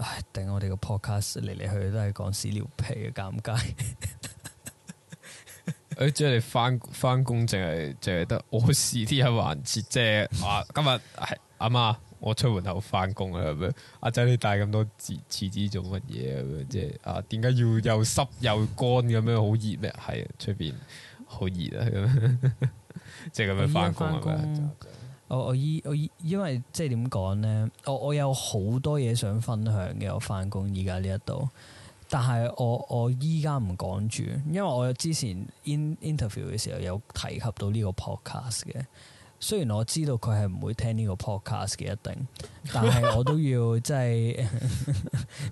唉頂，我哋個 podcast 嚟嚟去去都係講屎尿屁嘅尷尬。誒 、哎，即係你翻翻工淨係淨係得屙屎啲係環節，即係話、啊、今日係阿媽，我出門口翻工啦，係咪？阿、啊、仔你帶咁多紙廁紙做乜嘢？咁樣即係啊？點解要又濕又乾咁樣？好熱咩？係出邊好熱啊？ 即係咁樣翻工啊！我我依我依因為即係點講咧？我我有好多嘢想分享嘅，我翻工依家呢一度，但係我我依家唔講住，因為我之前 in interview 嘅時候有提及到呢個 podcast 嘅。雖然我知道佢係唔會聽呢個 podcast 嘅，一定，但係我都要即係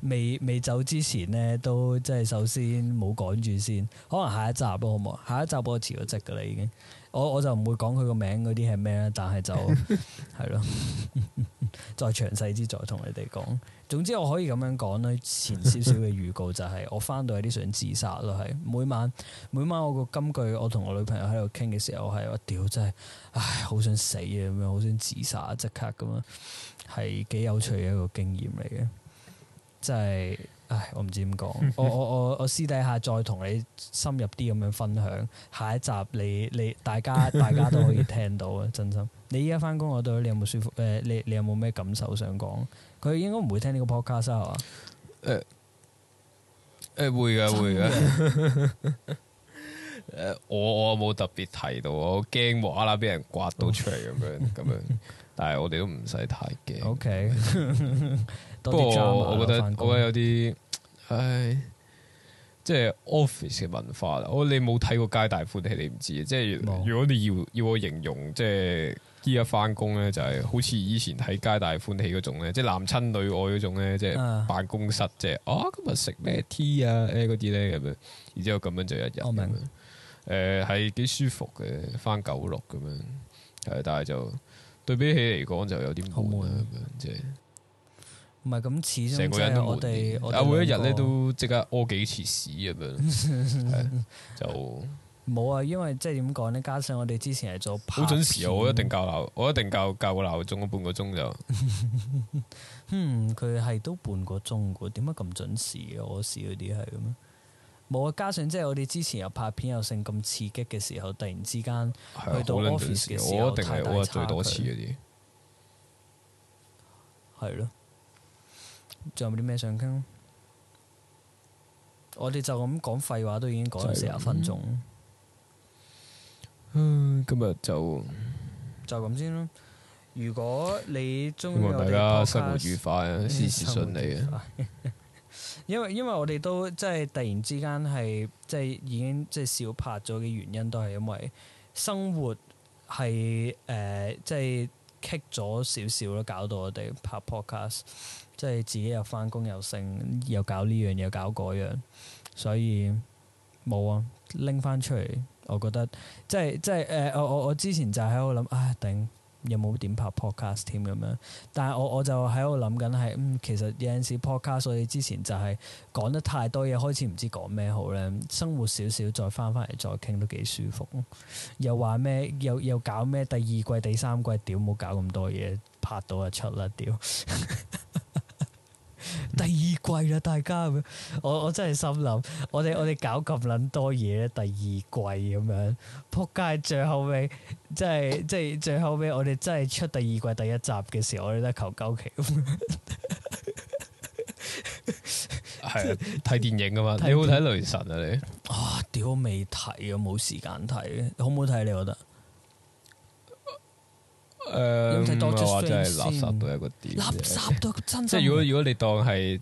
未未走之前咧，都即係首先冇講住先，可能下一集咯，好唔好？下一集我辭咗職噶啦，已經。我我就唔會講佢個名嗰啲係咩啦，但係就係咯， 對了 再詳細啲再同你哋講。總之我可以咁樣講啦：前少少嘅預告就係我翻到有啲想自殺咯，係每晚每晚我個金句，我同我女朋友喺度傾嘅時候，係我屌真係，唉，好想死啊咁樣，好想自殺即刻咁樣，係幾有趣嘅一個經驗嚟嘅，即係。唉，我唔知點講， 我我我我私底下再同你深入啲咁樣分享，下一集你你，你大家大家都可以聽到啊。真心。 你依家返工我度，你有冇舒服？誒、呃，你你有冇咩感受想講？佢應該唔會聽呢個 podcast 係嘛？誒誒、呃呃、會嘅會嘅。誒、 呃、我我冇特別提到，我驚無啦啦俾人刮到出嚟咁樣咁樣， 但係我哋都唔使太驚。O K。不過 我覺得我覺得有啲，唉，即係 office 嘅文化啦。我你冇睇過《皆大歡喜》你，你唔知即係如果你要要我形容，即係依家返工咧，就係好似以前睇《皆大歡喜》嗰種咧，即係男親女愛嗰種咧，即係辦公室即啫。啊，啊，今日食咩 tea 啊？誒，嗰啲咧咁樣，然之後咁樣就一日。我明。誒、呃，係幾舒服嘅，返九六咁樣。係，但係就對比起嚟講，就有啲悶啊咁樣，即係。唔係咁似，即係我哋每一日咧都即刻屙幾次屎咁樣，就冇啊！因為即係點講咧？加上我哋之前係做好準時啊！我一定教鬧，我一定教教個鬧鐘半個鐘就。佢係、 嗯、都半個鐘噶，點解咁準時嘅屙屎嗰啲係咁冇啊！加上即係我哋之前又拍片又剩咁刺激嘅時候，突然之間去、 啊、到 office 嘅時候，我一定係屙最多次嗰啲，係咯、啊。仲有冇啲咩想傾？我哋就咁講廢話，都已經講咗四十分鐘。 今日天就就咁先咯。如果你中意，大家生活愉快，事事順利啊！因為因為我哋都即係突然之間係即係已經即係少拍咗嘅原因，都係因為生活係誒、呃、即係。棘咗少少咯，搞到我哋拍 podcast，即係自己又返工又剩，又搞呢樣又搞嗰樣，所以冇啊，拎返出嚟，我覺得即係即係誒、呃，我我我之前就喺度諗，唉頂。有冇點拍 podcast 添咁樣？但係我我就喺度諗緊係，嗯，其實有陣時 podcast，所以之前就係講得太多嘢，開始唔知講咩好咧。生活少少再翻翻嚟再傾都幾舒服。又話咩？又又搞咩？第二季、第三季，屌冇搞咁多嘢，拍到一出啦，屌！ 第二季啦，大家咁樣，我我真係心諗，我哋我哋搞咁捻多嘢咧，第二季咁樣，撲街，最後尾，即係即係最後尾，我哋真係出第二季第一集嘅時候，我哋都求鳩期，係啊，睇電影噶嘛，你好睇雷神啊你？啊，屌，未睇，我冇時間睇，好唔好睇？你覺得？誒，唔係話真係垃圾都一個啲垃圾都真即係如果如果你當係，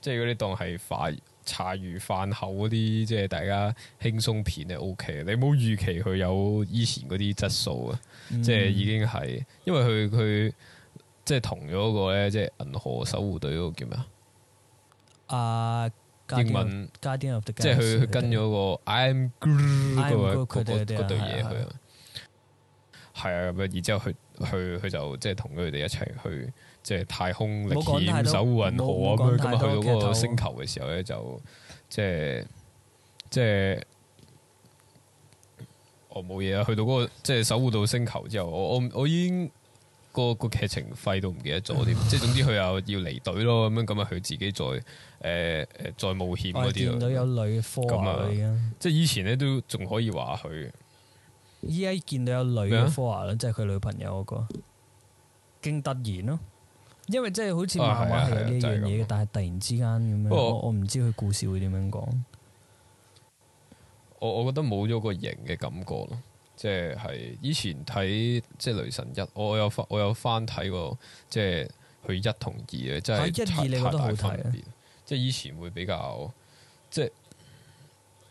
即係如果你當係飯茶餘飯後嗰啲，即係大家輕鬆片咧 OK。你冇預期佢有以前嗰啲質素啊！即係已經係，因為佢佢即係同咗嗰個咧，即係銀河守護隊嗰個叫咩啊？阿英文即係佢佢跟咗個 I am Groot 嗰個嗰隊嘢佢。係啊，咁樣，然之後去去佢就即係同佢哋一齊去即係太空歷險、守護銀河啊咁啊，去到嗰個星球嘅時候咧，就即係即係我冇嘢啊！去到嗰個即係守護到星球之後，我我我已經個個劇情廢到唔記得咗添。即係 總之佢又要離隊咯。咁樣咁啊，佢自己再誒誒、呃、再冒險嗰啲啊，哎、有女科咁啊，即係以前咧都仲可以話佢。依家見到有女嘅 follower 麼即係佢女朋友嗰個，勁突然咯，啊，因為即係好似慢慢係有呢樣嘢嘅，但係突然之間咁樣。不過我唔知佢故事會點樣講。我我覺得冇咗個型嘅感覺咯，即係以前睇，即係雷神一，我有我有翻睇過，即係佢一同二嘅，即係、啊、一、二太你覺得都好睇，即係以前會比較即係。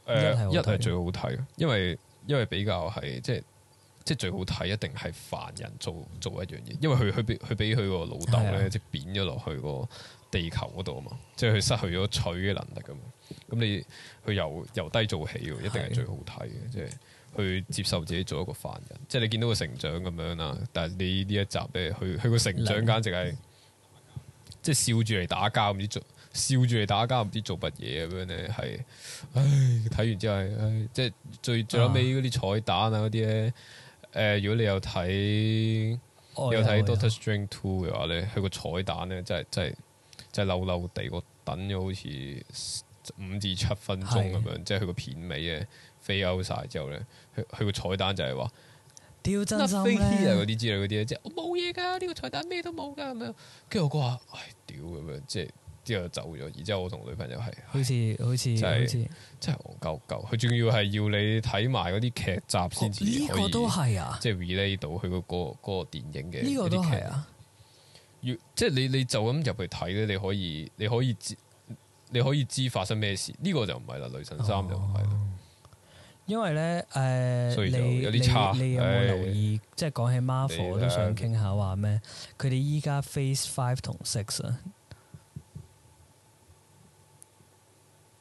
呃、一係最好睇，因為。因為比較係即係即係最好睇，一定係凡人做做一樣嘢。因為佢佢俾佢俾佢個老豆咧，即係扁咗落去個地球嗰度啊嘛，即係佢失去咗取嘅能力啊嘛。咁你佢由由低做起，一定係最好睇嘅，即係去接受自己做一個凡人。即係你見到佢成長咁樣啦，但係你呢一集咧，佢佢個成長簡直係即係笑住嚟打交，唔知做笑住嚟打交唔知做乜嘢咁樣咧，係，唉，睇完之後係，唉，即係最，最最後尾嗰啲彩蛋啊嗰啲咧，誒，如果你有睇有睇、哎、呀 Doctor Strange Two 嘅話咧，佢個彩蛋咧真係真係真係嬲嬲地個等咗好似五至七分鐘咁樣，即係佢個片尾咧飛 out 晒之後咧，佢佢個彩蛋就係話，屌真心咧，嗰啲之類嗰啲咧，即係我冇嘢噶，呢個彩蛋咩都冇噶咁樣，跟住我哥話，唉，屌咁樣，即係。之後就走咗，然之後我同女朋友係好似好似好似真係憨鳩鳩，佢仲要係要你睇埋嗰啲劇集先至可以，呢個都係啊，即係 relate 到佢個嗰個電影嘅，呢個都係啊。即係你你就咁入去睇咧，你可以你可以知你可以知發生咩事。呢個就唔係啦，雷神三就唔係啦。因為咧，誒，你你你有冇留意？即係講起 Marvel，都想傾下話咩？佢哋依家 Phase Five 同 Six 啊。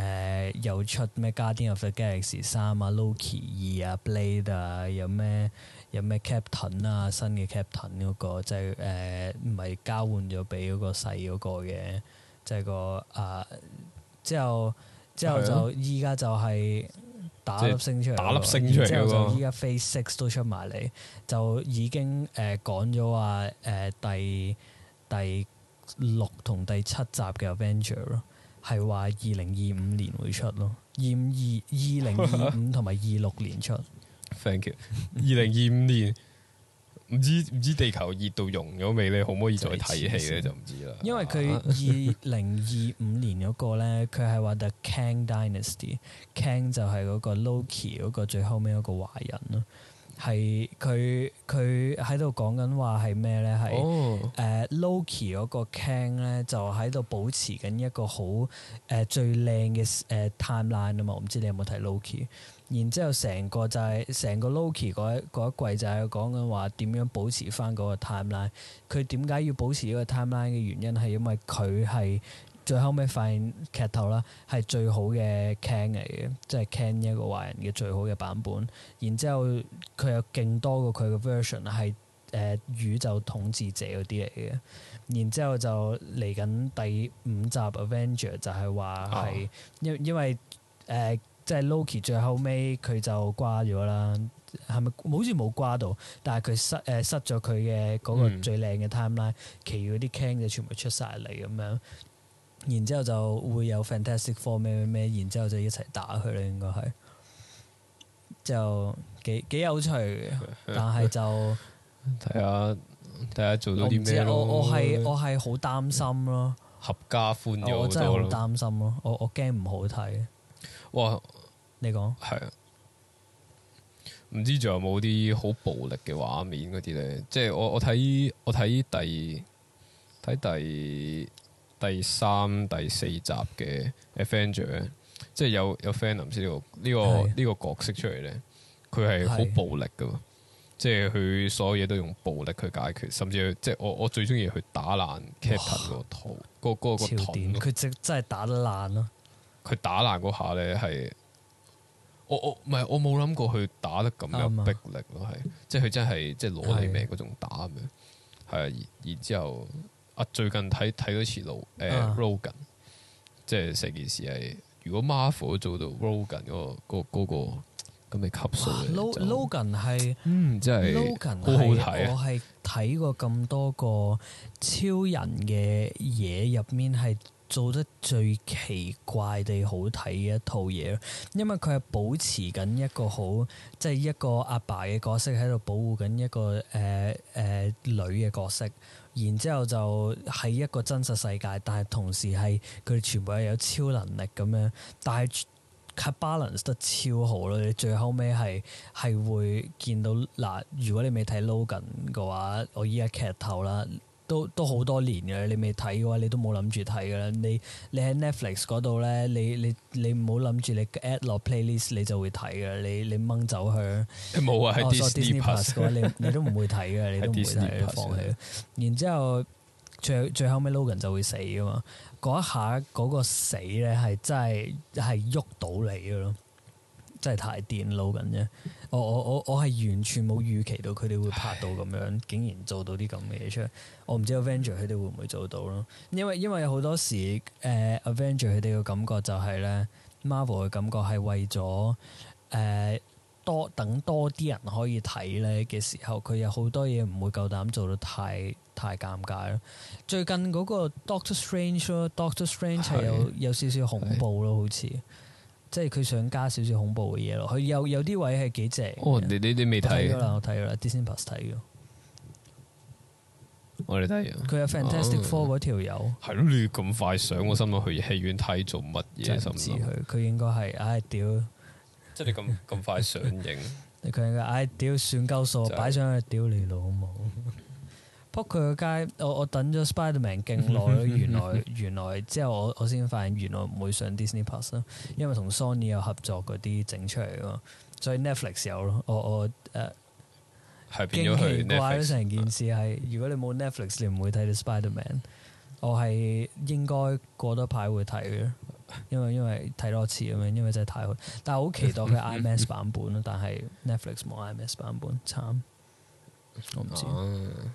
誒又、呃、出咩《Guardians of the Galaxy》三啊，《Loki》二啊，Blade, 啊《Blade、啊那個就是呃就是》啊，有咩有咩 Captain 啊，新嘅 Captain 嗰個，即係誒唔係交換咗俾嗰個細嗰個嘅，即係個啊之後之後就依家就係打粒星出嚟，打粒星出嚟，之後就依家 Phase Six 都出埋嚟，啊、就已經誒講咗話誒第第六同第七集嘅 Avenger 咯。係話二零二五年會出咯，二五二二零二五同埋二六年出。 Thank you。二零二五年唔知唔知地球熱到融咗未，你可唔可以再睇戲咧就唔知啦。 因為佢二零二五年嗰個咧，佢係話 The Kang Dynasty，Kang 就係嗰個 Loki 嗰個最後尾一個壞人咯。係佢佢喺度講緊話係咩咧？係誒、oh. 呃、Loki 嗰個 King 咧，就喺度保持緊一個好誒、呃、最靚嘅誒 timeline 啊嘛！呃、eline, 我唔知你有冇睇 Loki，然之後成個就係、是、成個 Loki 嗰一一季就係講緊話點樣保持翻嗰個 timeline。佢點解要保持呢個 timeline 嘅原因係因為佢係。最後尾發現劇透啦，係最好嘅 Kang 嚟嘅，即係 Kang 一個壞人嘅最好嘅版本。然之後佢有勁多過佢嘅 version，係誒宇宙統治者嗰啲嚟嘅。然之後就嚟緊第五集 Avenger，就係話係因因為誒即、呃、係、就是、Loki 最後尾佢就瓜咗啦，係咪好似冇瓜到？但係佢失誒、呃、失咗佢嘅嗰個最靚嘅 timeline，嗯、其餘嗰啲 Kang 就全部出晒嚟咁樣。然之後就會有 Fantastic Four 咩咩，咩，然之後就一齊打佢啦，應該係，就幾幾有趣， 但係就睇下睇下做到啲咩。我我係我係好擔心咯，合家歡又好多咯，我真係好擔心咯， 我我驚唔好睇。哇，你講說係啊？唔知仲有冇啲好暴力嘅畫面嗰啲咧？即係我我睇我睇第睇第二。第三、第四集嘅 Avenger，即係有有 Fandom 呢、這個呢、這個呢的個角色出嚟咧，佢係好暴力噶，是的 即係佢所有嘢都用暴力去解決，甚至佢即係我我最中意去打爛 Captain，那個頭，哇那個、那個、那個盾，佢即真係打得爛咯。佢打爛嗰下咧係，我我唔係我冇諗過佢打得咁樣迫力咯，係、嗯啊、即係佢真係即係攞你命嗰種打咁樣，係是的 然然之後。啊，最近睇睇多次路，誒，Logan，即係成件事係如果 Marvel 做到 Logan 嗰個嗰嗰個嗰個咁咪吸水？Logan 係，嗯，即係 Logan 係好睇、啊、我係睇過咁多個超人嘅嘢入面係做得最奇怪地好睇嘅一套嘢，因為佢係保持緊一個好即係一個阿爸嘅角色喺度保護緊一個誒誒、呃呃、女嘅角色，然之後就喺一個真實世界，但係同時係佢哋全部係有超能力咁樣，但係。cut balance 得超好咯！你最後尾係係會見到嗱，如果你未睇 Logan 嘅話，我依家劇透啦，都都好多年嘅，你未睇嘅話，你都冇諗住睇嘅啦。你你喺 Netflix 嗰度咧，你你你唔好諗住你，你 add 落 playlist 你就會睇嘅啦，你你掹走佢。冇啊有，喺 Disney Plus 嘅話 你，你都唔會睇嘅，你都唔會嘅，你放棄。 然之後最最後尾 Logan 就會死嘅嘛。嗰一下嗰、嗰個死咧係真係係喐到你嘅咯，真係太癲佬咁啫！我我我我係完全冇預期到佢哋會拍到咁樣，唉竟然做到啲咁嘅嘢出嚟！我唔知 Avenger 佢哋會唔會做到咯？因為因為好多時誒、呃、Avenger 佢哋嘅感覺就係咧，Marvel 嘅感覺係為咗誒。呃多等多啲人可以睇咧嘅時候，佢有好多嘢唔會夠膽做到太太尷尬咯。最近嗰個 Doctor Strange，Doctor Strange 係有有少少恐怖咯，好似即係佢想加少少恐怖嘅嘢咯。佢有有啲位係幾正。哦，你呢啲未睇噶啦，我睇咗啦，Disney+ 睇嘅。我哋睇佢有 Fantastic Four 嗰條友。係咯，你咁快上，我心諗去戲院睇做乜嘢？唔知佢，佢應該係唉屌。即係你咁咁快 do，上映？你佢嗌屌算鳩數，擺上去屌你老母。冇？撲佢個街，我我等咗 Spider Man 勁耐咯，原來原來之後我我先發現原來唔會上 Disney Plus 咯，因為同 Sony 有合作嗰啲整出嚟啊，所以 Netflix 有咯，我我誒、uh, 驚喜怪咗成件事係，啊、如果你冇 Netflix 你唔會睇到 Spider Man，我係應該過多排會睇嘅。因為因為睇多次咁樣，因為真係太好，但係好期待佢 IMS 版本咯。但係 Netflix 冇 IMS 版本，慘，唔知。啊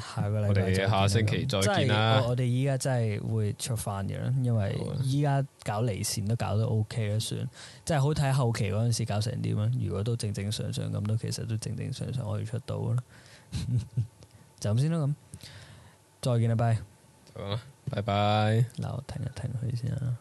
下個禮拜，下星期再見啦！是啊，我哋依家真係會出翻嘅啦，因為依家搞離線都搞得 OK 啦，算。即係好睇後期嗰陣時搞成點啦。如果都正正常常咁，都其實都正正常常可以出到啦。 就咁先啦，咁再見啦，拜。拜，拜拜。嗱，我聽下聽佢先啊。